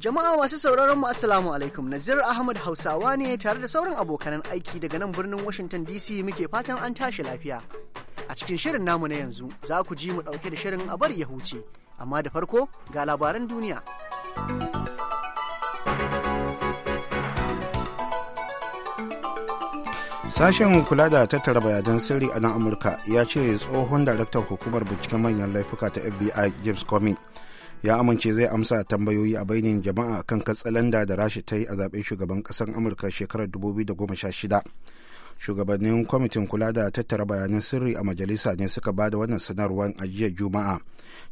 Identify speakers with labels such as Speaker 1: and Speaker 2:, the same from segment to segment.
Speaker 1: Jama'a masu sauraron mu Assalamu alaikum Nazir Ahmad Hausawa ne tare da sauran abokanan aiki daga nan birnin Washington DC muke fatan an tashi lafiya. A cikin shirin namu na yanzu za ku ji mu ɗauke da shirin a bar ya amma da farko ga labaran duniya.
Speaker 2: Sashen kula da tattara bayanan sirri a nan Amurka ya ce tsohon daraktan hukumar binciken manyan laifuka ta FBI James Comey ya amince zai amsa tambayoyi a bainin jama'a kan katsalanda da rasha ta yi a zaben shugaban ƙasar amurka shekarar 2016 shugabannin kwamitin kula da tattara bayanan sirri a majalisa ne suka ba da wannan sanarwar a jiya juma'a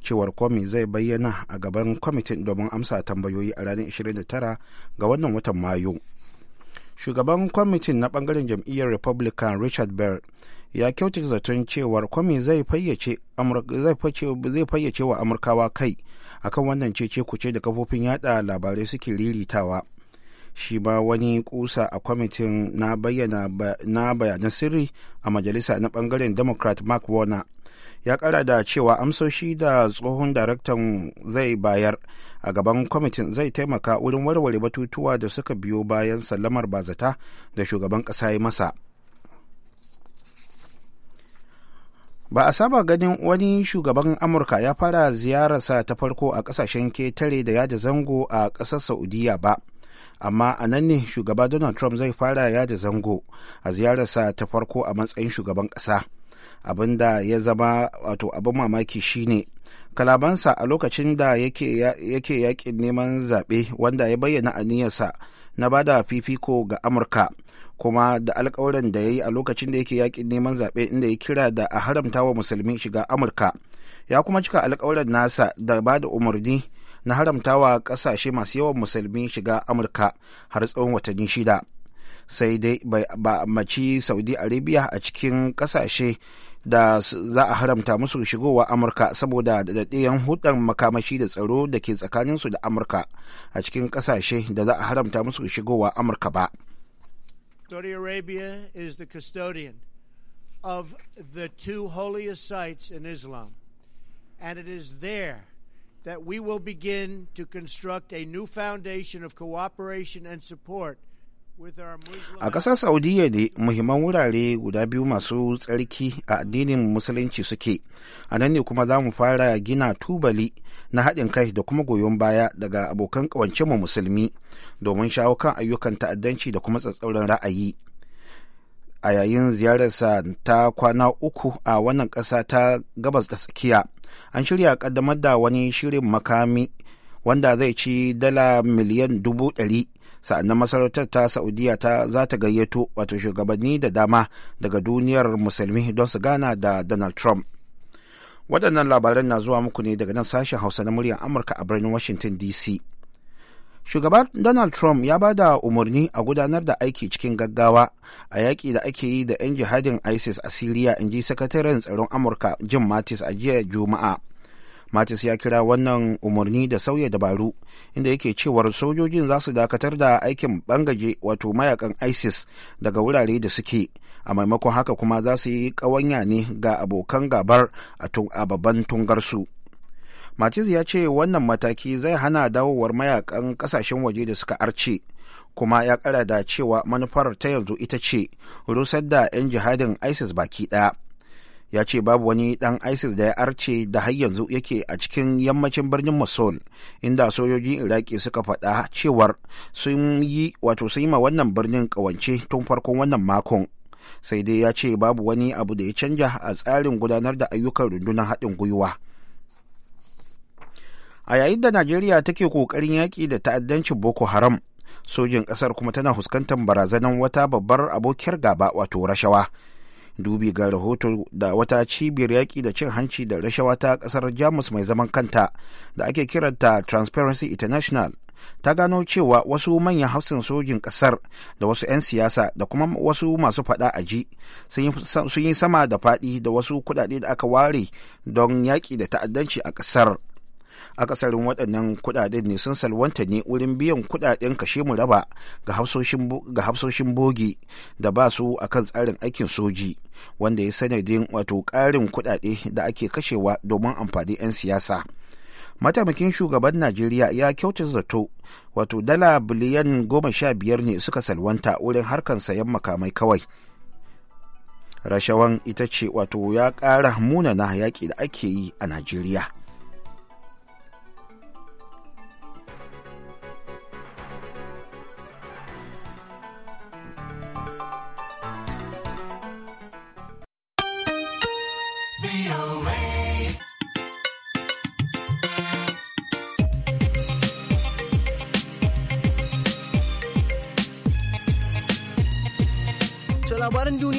Speaker 2: cewar kwami zai bayyana a gaban kwamitin domin amsa tambayoyi a ranar 29 ga wannan watan mayu shugaban kwamitin na bangaren jam'iyyar republican richard bell ya kyautar zaton cewar kwami zai fayyace wa amurkawa kai akan wannan cece kuce da kafofin yada labarai suke riritawa shi ba wani kusa a kwamitin na bayyana na bayanan sirri a majalisa na bangaren democrat mark warner ya kara da cewa amsoshi da tsohon daraktan zai bayar a gaban kwamitin zai taimaka wurin warware batutuwa da suka biyo bayan sallamar bazata da shugaban kasa ya masa ba a saba ganin wani shugaban amurka ya fara ziyararsa ta farko a kasashen ketare da yada zango a ƙasar saudiya ba amma a nan ne shugaba donald trump zai fara yada zango a ziyararsa ta farko a matsayin shugaban ƙasa abin da ya zama wato abin mamaki shine kalabansa a lokacin da yake yakin neman zaɓe wanda ya bayyana aniyarsa na bada fifiko ga amurka kuma da alkawarin da ya yi a lokacin da yake yakin neman zaɓe inda ya kira da a haramta wa musulmi shiga amurka ya kuma cika alkawarin nasa da ba da umarni na haramta wa ƙasashe masu yawan musulmi shiga amurka har tsawon watanni shida sai dai ba maci saudi arabia a cikin ƙasashe da za a haramta musu shigowa amurka saboda daɗaɗɗiyan hudan makamashi da tsaro da ke tsakaninsu da amurka a cikin ƙasashe da za a haramta musu shigowa amurka ba.
Speaker 3: Saudi Arabia is the custodian of the two holiest sites in Islam. And it is there that we will begin to construct a new foundation of cooperation and support
Speaker 2: A ƙasar Saudiyya ne muhimman wurare guda biyu masu tsarki a addinin Musulunci suke, a nan ne kuma za mu fara gina tubali na haɗin kai da kuma goyon baya daga abokan mu musulmi domin shawo kan ayyukan ta'addanci da kuma tsatsauran ra'ayi. A yayin ziyararsa ta kwana uku a wannan ƙasa ta gabas da tsakiya, an shirya ƙaddamar da wani shirin makami wanda zai ci dala miliyan dubu ɗari sa'annan masarautar ta saudiya ta za ta gayyato wato shugabanni da dama daga duniyar musulmi don su gana da donald trump waɗannan labaran na zuwa muku ne daga nan sashen hausa na muryar amurka a birnin washington dc shugaban donald trump ya ba da umarni a gudanar da aiki cikin gaggawa a yaƙi da ake yi da 'yan jihadin isis a siriya in ji sakataren tsaron amurka jim mattis a jiya juma'a matis ya kira wannan umarni da sauya dabaru inda yake cewar sojojin za su dakatar da aikin bangaje wato mayakan isis daga wurare da suke a maimakon haka kuma za su yi kawanya ne ga abokan gabar a babban tungarsu matis ya ce wannan mataki zai hana dawowar mayakan kasashen waje da suka arce kuma ya kara da cewa manufar ta yanzu ita ce rusar da 'yan jihadin isis baki ɗaya ya ce babu wani dan isis da ya arce da har yanzu yake a cikin yammacin birnin mosul inda sojojin iraki suka faɗa cewar sun yi wato sun yi ma wannan birnin ƙawance tun farkon wannan makon sai dai ya ce babu wani abu da ya canja a tsarin gudanar da ayyukan rundunar haɗin gwiwa a yayin da najeriya take ƙoƙarin yaƙi da ta'addancin boko haram sojin ƙasar kuma tana fuskantar barazanar wata babbar abokiyar gaba wato rashawa dubi ga rahoto da wata cibiyar yaƙi da cin hanci da rashawa ta ƙasar jamus mai zaman kanta da ake kiranta transparency international ta gano cewa wasu manyan hafsin sojin ƙasar da wasu 'yan siyasa da kuma wasu masu faɗa a ji sun yi sama da faɗi da wasu kuɗaɗe da aka ware don yaƙi da ta'addanci a ƙasar akasarin waɗannan kuɗaɗen ne sun salwanta ne wurin biyan kuɗaɗen kashe mu raba ga hafsoshin bogi da ba su a kan tsarin aikin soji wanda ya sanadin wato ƙarin kuɗaɗe da ake kashewa domin amfani 'yan siyasa mataimakin shugaban najeriya ya kyauta zato wato dala biliyan goma sha biyar ne suka salwanta wurin harkan sayan makamai kawai rashawan ita ce wato ya ƙara munana yaƙi da ake yi a najeriya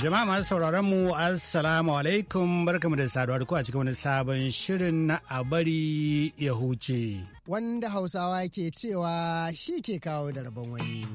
Speaker 3: Jama'a masu sauraron mu Assalamu alaikum barkamu da saduwa da a cikin wani sabon shirin na a ya huce.
Speaker 4: Wanda Hausawa ke cewa shi ke kawo da rabon wani.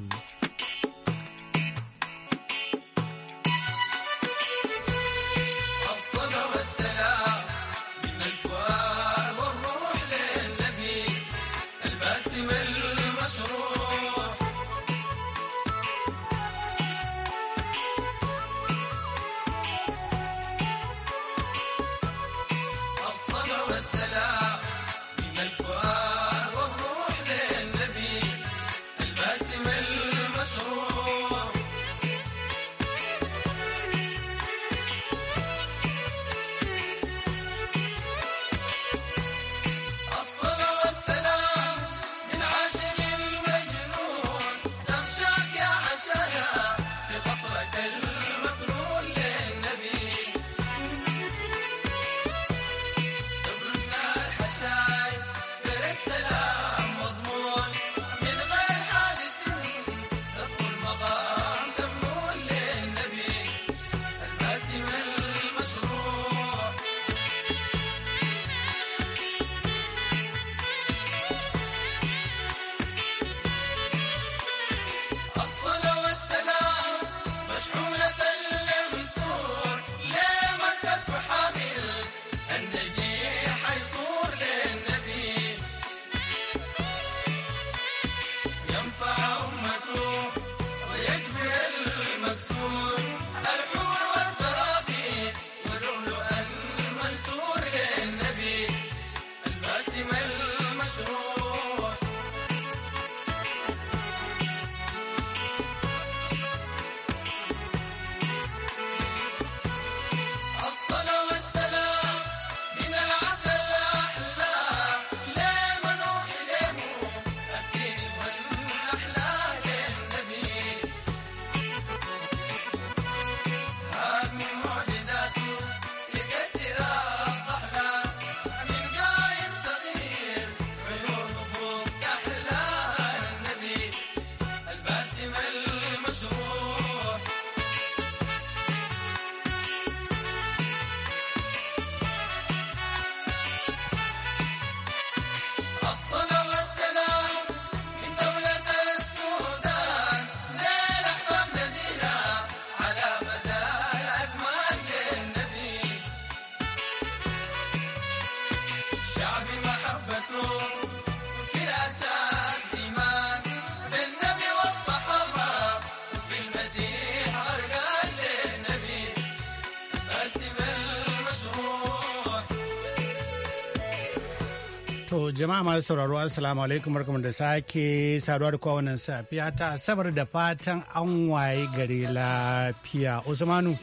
Speaker 3: Jama'a masu sauraro Assalamu alaikum barkamu da sake saduwa da kowannan safiya ta asabar da fatan an waye gari lafiya. Usmanu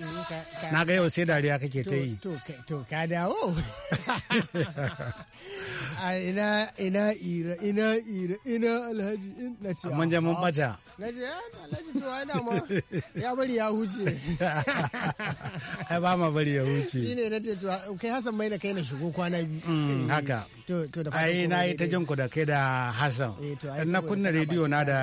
Speaker 3: na ga yau sai dariya kake ta yi.
Speaker 4: To ka dawo. a ina ina ira ina ira ina alhaji in na ce mun je mun bata na ce alhaji to ana ma ya bari ya huce ai ba ma bari ya huce shine na ce to kai Hassan mai da kai na shigo kwana biyu mm, eh, eh, haka to to da ai na yi ta
Speaker 3: jin ku da kai da Hassan eh, na kunna rediyo na da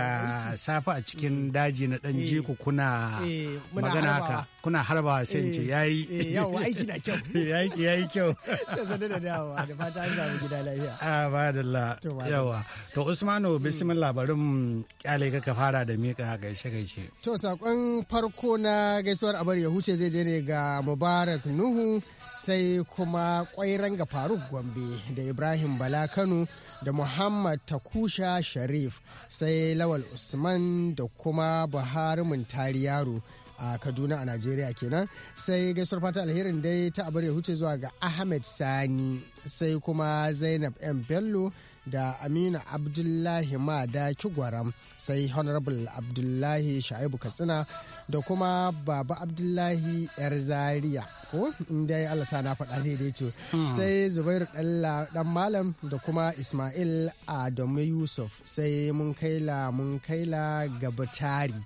Speaker 3: safa a cikin mm. daji na dan je ku kuna
Speaker 4: magana haka
Speaker 3: kuna harba sai in ce eh, yayi eh, yawa aiki na kyau aiki yayi kyau
Speaker 4: ta sanu da dawa da fata an samu gida lafiya
Speaker 3: ah, a ba da la yawa to usmanu bismin labarin kyale ka ka fara da mika gaishe gaishe
Speaker 4: to sakon farko na gaisuwar abar ya huce zai je ne ga mubarak nuhu sai kuma kwairanga faruk gombe da ibrahim bala kano da muhammad takusha sharif sai lawal usman da kuma buhari muntari yaro a kaduna a najeriya kenan sai gaisuwar fata alherin dai ta abar ya huce zuwa ga ahmed sani sai kuma zainab m bello da aminu abdullahi ma mada kigwaram sai honorable abdullahi sha'ibu katsina da kuma baba abdullahi yar Zariya ko inda ya alasa na faɗa daidai to hmm. sai zubairu dan malam da kuma ismail adamu yusuf sai mun kaila mun kaila gabatari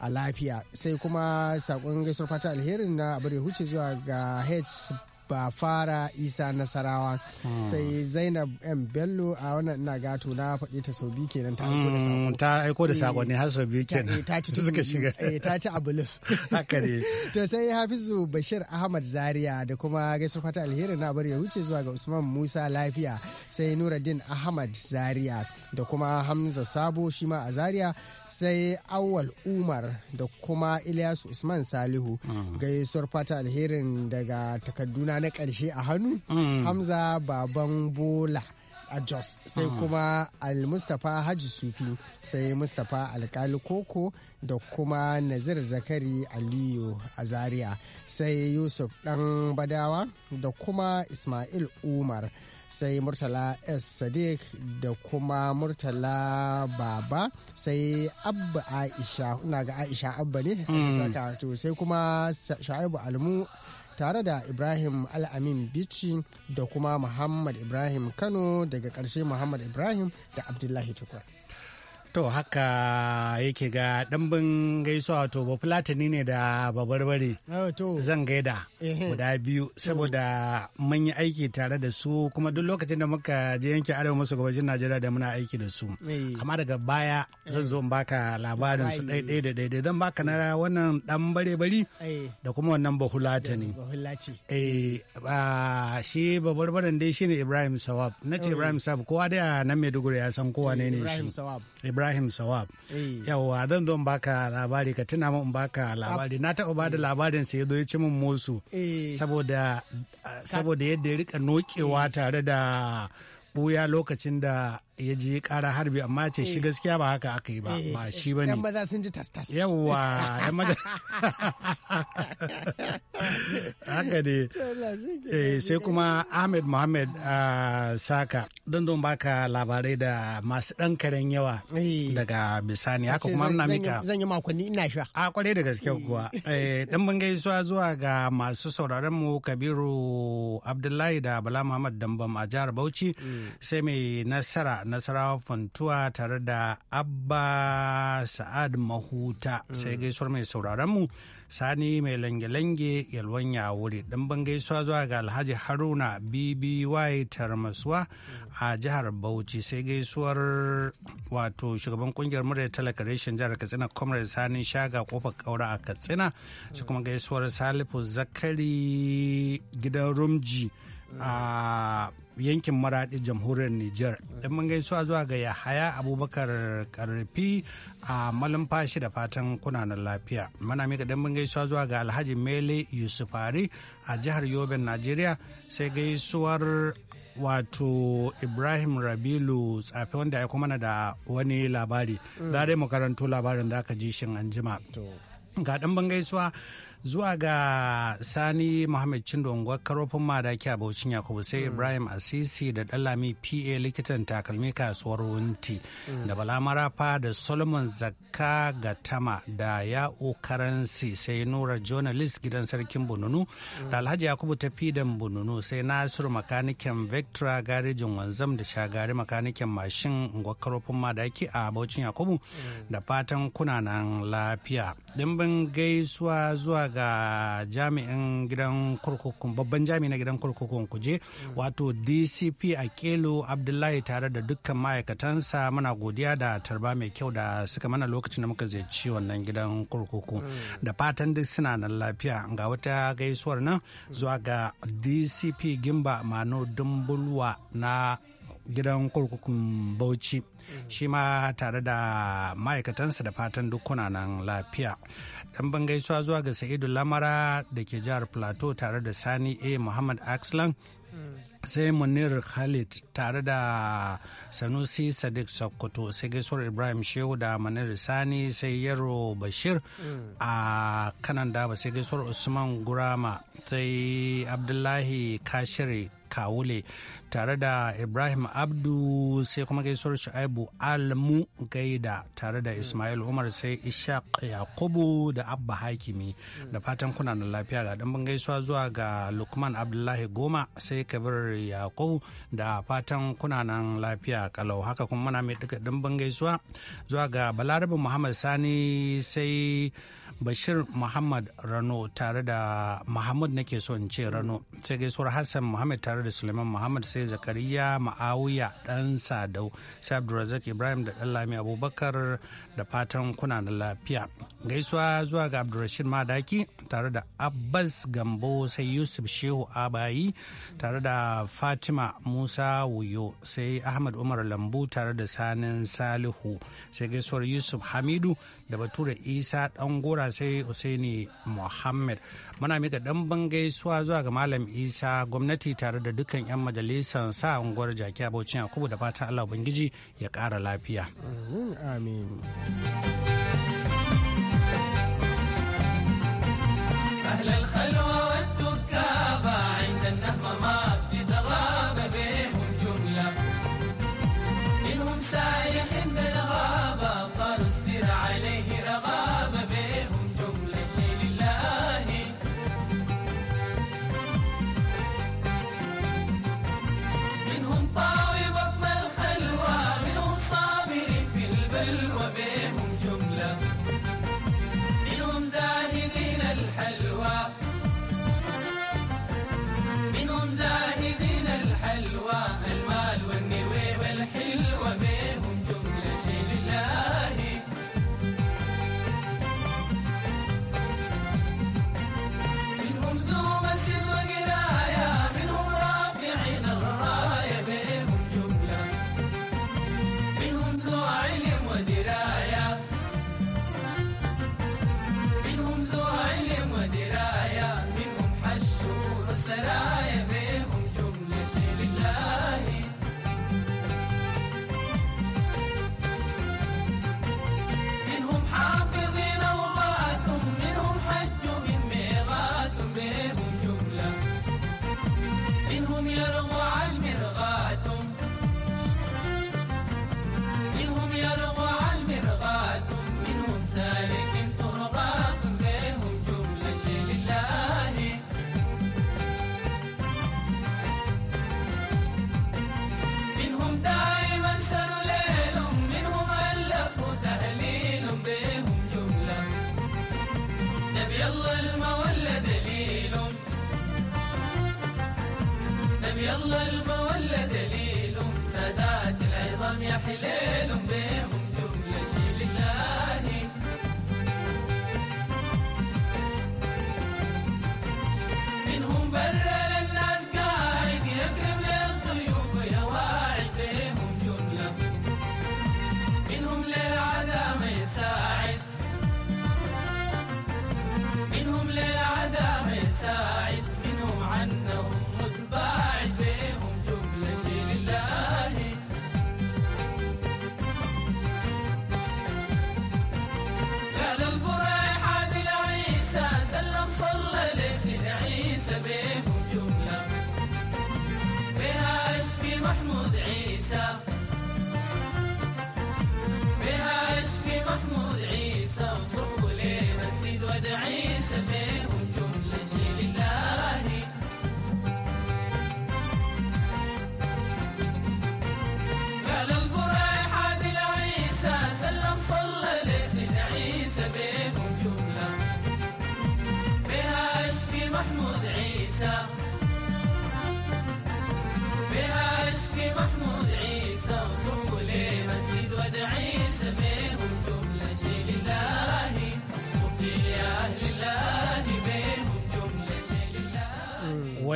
Speaker 4: a lafiya sai kuma saƙon gaisuwar fata alherin na abu da huce zuwa ga h ba fara isa nasarawa sai zainab m bello a wannan ina gato na faɗi ta sau biyu kenan ta aiko da mm, sako
Speaker 3: ta aiko da ne har sau biyu eh, kenan eh, ta ci suka shiga eh, ta
Speaker 4: ci abulus haka ne to sai hafizu bashir ahmad zaria da kuma gaisar fata alheri na bari ya wuce zuwa ga usman musa lafiya sai nuruddin ahmad zaria da kuma hamza sabo shi ma a zaria sai awal umar da kuma ilyasu usman salihu mm. gaisuwar fata alherin daga takarduna na karshe a hannu mm. hamza baban bola a jos sai mm. kuma AlMustapha haji sufi sai mustapha alkali koko da kuma nazir zakari aliyu a zaria sai yusuf dan badawa da kuma ismail umar sai murtala s sadiq da kuma murtala baba sai abba aisha ina ga aisha abba ne hmm. saka to sai kuma sha'ibu almu tare da ibrahim al'amin bici da kuma muhammad ibrahim kano daga ƙarshe muhammad ibrahim da abdullahi tukur To
Speaker 3: haka yake ga ɗanbin gaisuwa to ba fulatani ne da babarbare oh, zan gaida guda biyu saboda mun yi aiki tare da su kuma duk lokacin da muka je yanke arewa masu gabashin Najeriya da muna aiki da su. Amma daga baya zan zo baka labarin su daidai da ɗaiɗai zan baka na wannan ɗan bare bari da kuma wannan bahulata ne. Eh, shi babarbaren dai shine Ibrahim Sawab. Na ce Ibrahim Sawab kowa a nan Maiduguri ya san kowa ne ne shi. Ibrahim Ibrahim Sawab. Eh. yawa zan zo baka labari ka tuna min baka labari na taɓa bada eh. labarin sai zo ya ci mun musu eh. saboda yadda ya rika nokewa tare da buya lokacin da ya je kara harbi amma ce shi eh. gaskiya ba haka aka yi ba eh. ba shi ne yan
Speaker 4: maza sun ji tas tas yawa yan maza
Speaker 3: haka ne eh, sai kuma Ahmed Mohammed ah, Saka don don baka labarai da masu dan karen yawa daga bisani haka kuma muna mika zan
Speaker 4: yi makonni ina sha a kwarai da gaske kuwa
Speaker 3: dan mun gaisuwa zuwa ga masu sauraron mu Kabiru Abdullahi da Bala Muhammad Dambam a jihar Bauchi mm. sai mai nasara nasarawa funtuwa tare da abba sa'ad mahuta sai mm. gaisuwar mai sauraronmu sani mai lange-lange yalwan Ɗan ban gaisuwa zuwa ga alhaji haruna bby tarmasuwa mm. a jihar bauchi sai gaisuwar wato shugaban kungiyar murya talaka reshen jihar katsina comrade sani shaga kofar kaura a katsina sai kuma gaisuwar salifu zakari gidan rumji a yankin maraɗi jamhuriyar Nijar. Dan mun gaisuwa zuwa ga Yahaya Abubakar Karfi a malumfashi da fatan kunanan lafiya. mana mika dan mun gaisuwa zuwa ga Alhaji Mele Yusufari a jihar Yobe, Najeriya sai gaisuwar wato Ibrahim Rabilu tsafi wanda ya kuma da wani labari. Da dai mu karanto labarin da aka ji shin anjima. Ga dan ban gaisuwa zuwa ga sani muhammad cindongo karofin madaki a baucin yakubu sai mm. ibrahim asisi da dalami pa likitan takalmi kasuwar wunti mm. da bala marafa da solomon zakka gatama da ya'u karansi sai nura journalist gidan sarkin bununu mm. da alhaji yakubu ta fidan bununu sai nasiru makanikin vectra garejin wanzam da shagari makanikin mashin karofin madaki a baucin yakubu da fatan kunanan lafiya dimbin gaisuwa zuwa ga jami'in gidan kurkukun babban jami'in na gidan kurkukun kuje wato dcp kelo abdullahi tare da dukkan ma'aikatansa muna godiya da tarba mai kyau da suka mana lokacin da muka ziyarci wannan gidan kurkuku mm. da fatan duk suna nan lafiya ga wata gaisuwar nan zuwa ga dcp gimba mano dumbulwa na gidan kurkukun bauchi mm. shi ma tare da ma'aikatansa da fatan kuna nan lafiya dan ban gaisuwa zuwa ga sa'idu lamara da ke jihar plateau tare da sani a muhammad axlan sai munir khalid tare da sanusi sadiq sokoto sai gaisuwar ibrahim shehu da munir sani sai yaro bashir a kanan daba sai gaisuwar usman gurama sai abdullahi kashiri Kawule tare da Ibrahim Abdu sai kuma gaisuwar Shu'aibu Almu Gaida tare da Ismail Umar sai Ishaq Yakubu da Abba Hakimi da fatan kuna da lafiya ga ɗan gaisuwa zuwa ga Lukman Abdullahi Goma sai Kabir Yakubu da fatan kuna nan lafiya kalau haka kuma muna mai ɗimbin gaisuwa zuwa ga Balarabe Muhammad Sani sai bashir muhammad rano tare da muhammad nake so in ce rano sai gaisuwar hassan muhammad tare da Suleiman Muhammad sai Zakariya Ma'awiya ɗan Sadau sai Abdulrazak Ibrahim da Ɗanlami Abubakar da fatan kuna da lafiya. Gaisuwa zuwa ga Abdulrashid Madaki tare da Abbas Gambo sai Yusuf Shehu Abayi tare da Fatima Musa Wuyo sai Ahmad Umar Lambu tare da Sanin Salihu sai gaisuwar Yusuf Hamidu da Bature Isa Ɗangora sai Usaini Muhammad. Muna mika dan gaisuwa zuwa ga Malam Isa gwamnati tare da dukkan 'yan majalisar sa unguwar jaki a baucin yakubu da fatan allah ubangiji ya kara lafiya
Speaker 4: amin
Speaker 5: سلم صلى لسيد عيسى بهم جملة بهاش في محمود عيسى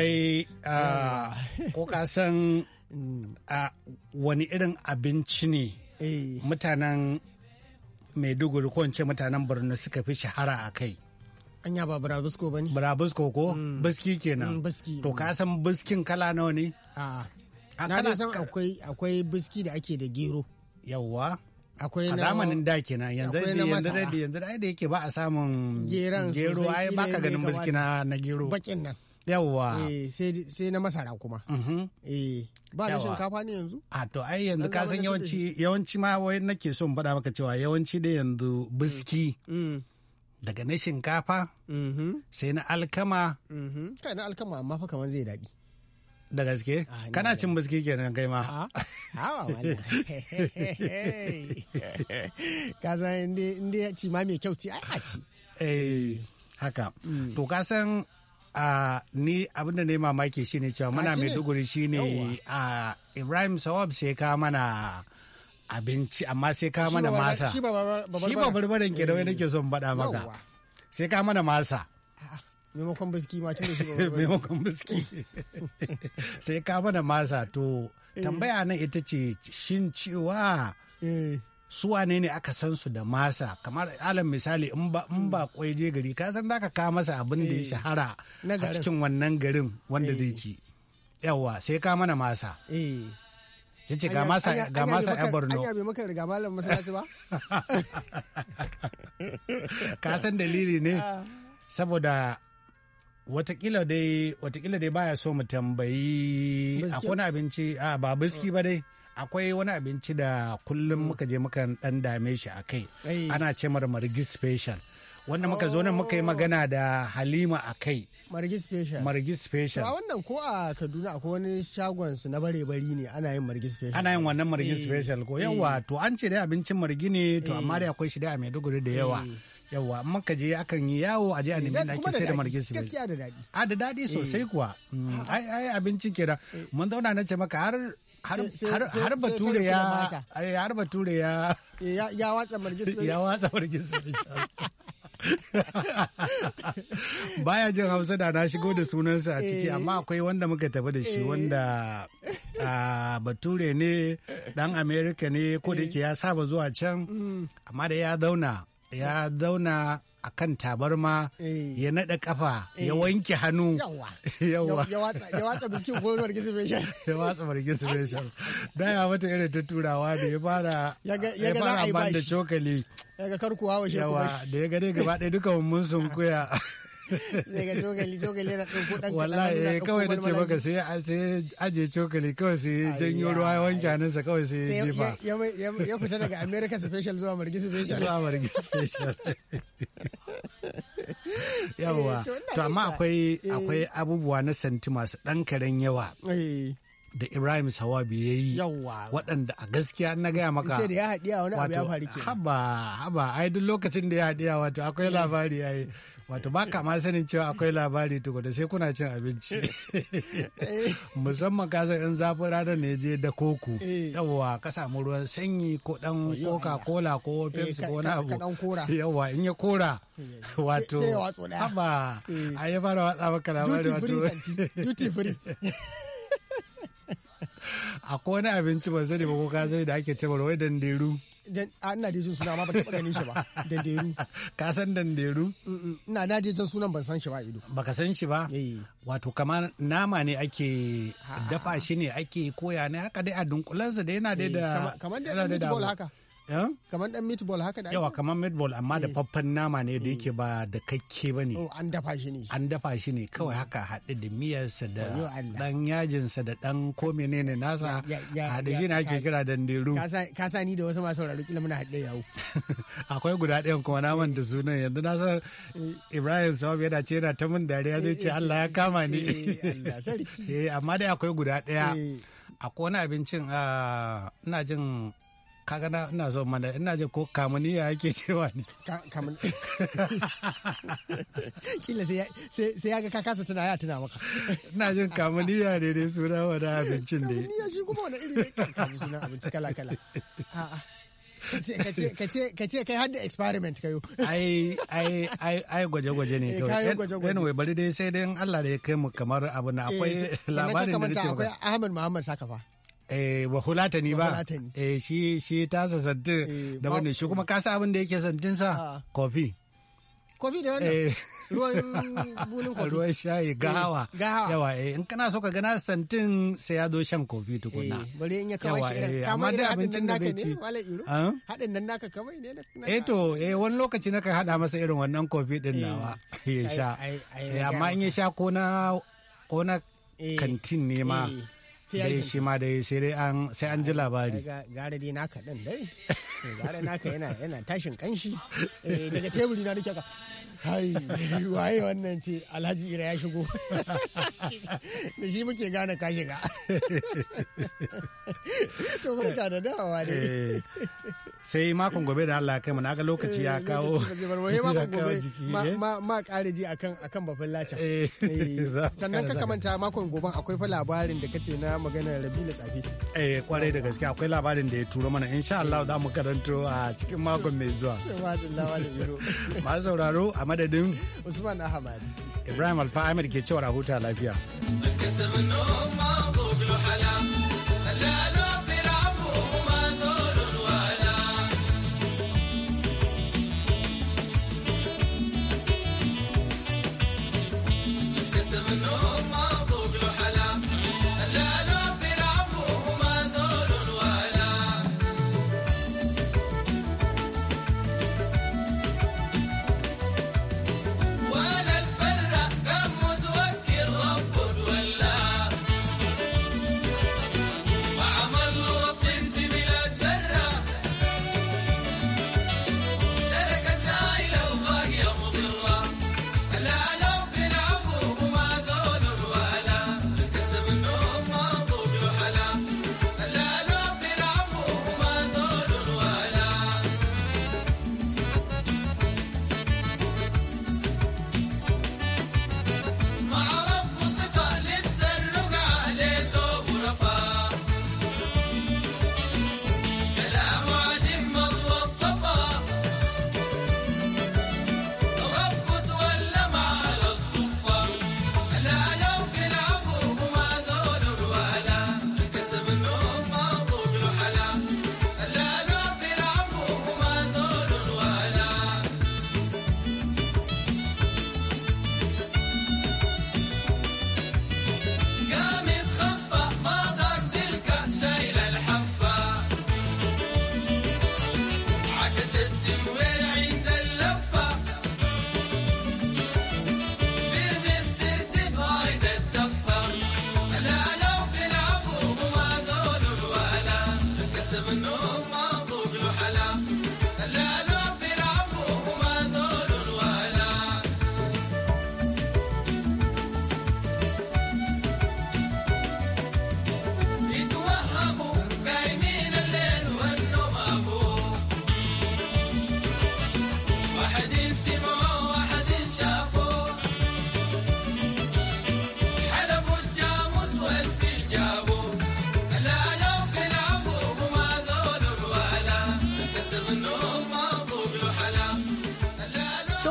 Speaker 3: wai ah, ko san mm. ah, wani irin abinci ne eh. mutanen maiduguri ko ce mutanen borno suka fi shahara a kai anya ba burabusko ba ne burabusko ko mm. biski kenan mm, to ka san biskin kala nawa ne a ah. na san akwai akwai biski da ake da gero yawwa akwai na zamanin da
Speaker 4: kenan yanzu yanzu da yanzu da yake ba a samun gero ai baka ganin biski na gero bakin nan yawwa eh, sai na masara kuma mm-hmm. eh, ba da shinkafa ne yanzu a to ai yanzu ka san yawanci
Speaker 3: yawanci ma wai nake son faɗa maka cewa yawanci da yanzu biski mm. Mm. daga na shinkafa mm-hmm. sai na alkama mm-hmm. kai na alkama amma fa kamar zai daɗi da gaske ah, kana cin biski kenan kai ma ah,
Speaker 4: ah, ka san inda ya ci ma mai kyau ci ai a ci eh, haka mm. to ka
Speaker 3: san a ni abinda ne mamaki shine cewa muna maiduguri shine a ibrahim sawab sai ka mana abinci amma sai ka mana masa shi ba
Speaker 4: barbaren ke da eh. nake son bada maka
Speaker 3: sai ka mana masa
Speaker 4: maimakon biski ma tun da shi ba maimakon
Speaker 3: biski sai ka mana masa to eh. tambaya nan ita ce shin cewa eh. su wane ne aka san su da masa kamar alam misali in ba in ba kwai je gari ka san zaka ka masa abin da ya eh, shahara
Speaker 4: a cikin
Speaker 3: wannan garin wanda zai eh. ci yawa sai ka mana masa eh. ya ce ga masa ga masa ya borno an
Speaker 4: bai maka riga malam masallaci ba ka san dalili ne ah.
Speaker 3: saboda watakila dai watakila dai baya so mu tambayi akwai abinci a ah, ba biski ba dai akwai wani abinci da kullum mm. muka je muka dan dame shi a kai ana ce mar margi special wanda muka zo nan muka yi oh. magana da halima a kai margi special margi special a
Speaker 4: wannan ko a kaduna akwai wani shagon su na bare bari ne ana yin margi special ana yin wannan margi eh. special ko eh. yawa
Speaker 3: to an ce dai abincin margi ne to amma dai eh. akwai shi dai a maiduguri da yawa yawa muka ka je akan yi yawo a je a nemi da ake sai da margin special gaskiya da daɗi a ah, da daɗi sosai kuwa mm, ai ai abincin kenan mun zauna na ce maka har
Speaker 4: har ba ya ya ya watsa margin ya watsa baya
Speaker 3: jin hausa da na shigo da sunansa a ciki eh. amma akwai wanda muka tafi da shi eh. wanda bature ne dan Amerika ne ko da eh. yake ya saba zuwa can mm. amma da ya zauna ya zauna a kan tabarma eh. ya naɗa kafa ya eh. wanke hannu
Speaker 4: yawa ya watsa biskin ko margi special ya watsa margi
Speaker 3: special da ya mata irin ta turawa da ya fara ya fara ban da cokali
Speaker 4: ya ga karkuwa wa shekuwa yawa
Speaker 3: da ya gane gaba ɗaya duka mun sun kuya
Speaker 4: zai ga cokali cokali na ɗauko ɗan wallahi kawai da ce maka sai
Speaker 3: aje cokali kawai sai janyo ruwa wanke hannunsa kawai sai ya jefa
Speaker 4: ya fita daga america special zuwa margi special zuwa
Speaker 3: margi special
Speaker 4: Yawwa, to amma
Speaker 3: akwai eh. akwai abubuwa na santi masu ɗan karen yawa da Ibrahim Sawabi ya yi waɗanda a gaskiya na gaya maka sai da ya haɗiya wani abu ya faru ke haba haba ai duk lokacin da ya haɗiya wato akwai eh. labari ya yi wato ba kama sanin cewa akwai labari da sai kuna cin abinci musamman kasar in zafin ranar ne je da koku eh. yawwa ka samu ruwan sanyi ko dan koka kola ko eh, pepsi ko na abu yawwa in ya kora wato haba eh. a yi fara watsa maka labari wato
Speaker 4: duty free akwai wani abinci ban sani ba ko kasar da ake cewa wai ru. ina da jin suna ma ba taɓa ganin shi ba danderu ka san danderu ina na jin sunan ban san shi ba ido
Speaker 3: ka san shi ba eh. wato kamar nama ne ake dafa shi ne ake koya ne haka dai a dunkulansa da yana dai eh, da kamar da haka Eh? kamar
Speaker 4: dan meatball haka da yawa
Speaker 3: kamar meatball amma da eh. faffan nama ne da yake eh. ba da kakke ba ne oh, an dafa shi ne an dafa shi ne kawai mm. haka haɗe da miyarsa da dan yajinsa da dan ko menene nasa
Speaker 4: haɗe shi ne ake kira danderu ka sa ni da wasu masu sauraro kila muna haɗe yawo
Speaker 3: akwai guda ɗaya kuma naman da sunan yanzu na san ibrahim sawab yana ce yana ta min dariya zai ce allah ya kama ni amma dai akwai guda ɗaya akwai wani abincin ah, ina jin kaga na ina zo mana ina je ko kamaniya yake cewa ne
Speaker 4: kila sai ya ga ka kasa tuna ya tana maka
Speaker 3: ina jin kamaniya ne dai suna wani abincin ne kamaniya
Speaker 4: shi kuma wani iri ne kaji abinci kala kala ka ce kai hadda experiment kayo
Speaker 3: ai ai ai gwaje gwaje-gwaje ne eh, kawai anyway bari dai sai dai Allah da ya kai mu kamar abu na eh, akwai labarin da nace akwai
Speaker 4: Ahmad Muhammad Sakafa
Speaker 3: wahulata eh, bahulatani ba eh, shi shi ta santin eh, da ne shi kuma kasa abin da yake santin sa ah. kofi kofi da wannan ruwan bulun kofi ruwan shayi gawa yawa eh in kana so ka gana santin sai ya zo shan kofi tukuna
Speaker 4: bari in ya kawai shi amma da abincin da bai ci haɗin nan naka kamar ne
Speaker 3: eh to eh wani lokaci na kai haɗa masa irin wannan kofi din nawa ya sha amma in ya sha ko na ko na kantin ne ma dai shi ma dai sai dai an sai an ji labari
Speaker 4: gare dai naka din dai gare naka yana yana tashin kanshi eh, daga teburi na nake ka hai waye wannan ce alhaji ira ya shigo da shi muke gane ka shiga to barka da dawa dai
Speaker 3: eh. sai makon gobe da Allah kai mu na ga lokaci ya eh, kawo
Speaker 4: ma kare eh? ji akan akan babban lacha eh, sannan ka kamanta makon gobe akwai fa labarin da kace na maganar da Tsafi
Speaker 3: eh kwarai da gaske akwai labarin da ya turo mana insha Allah za mu karanto a cikin makon mai zuwa ma sauraro a madadin
Speaker 4: Usman Ahmad
Speaker 3: Ibrahim Alfa Ahmed ke cewa huta lafiya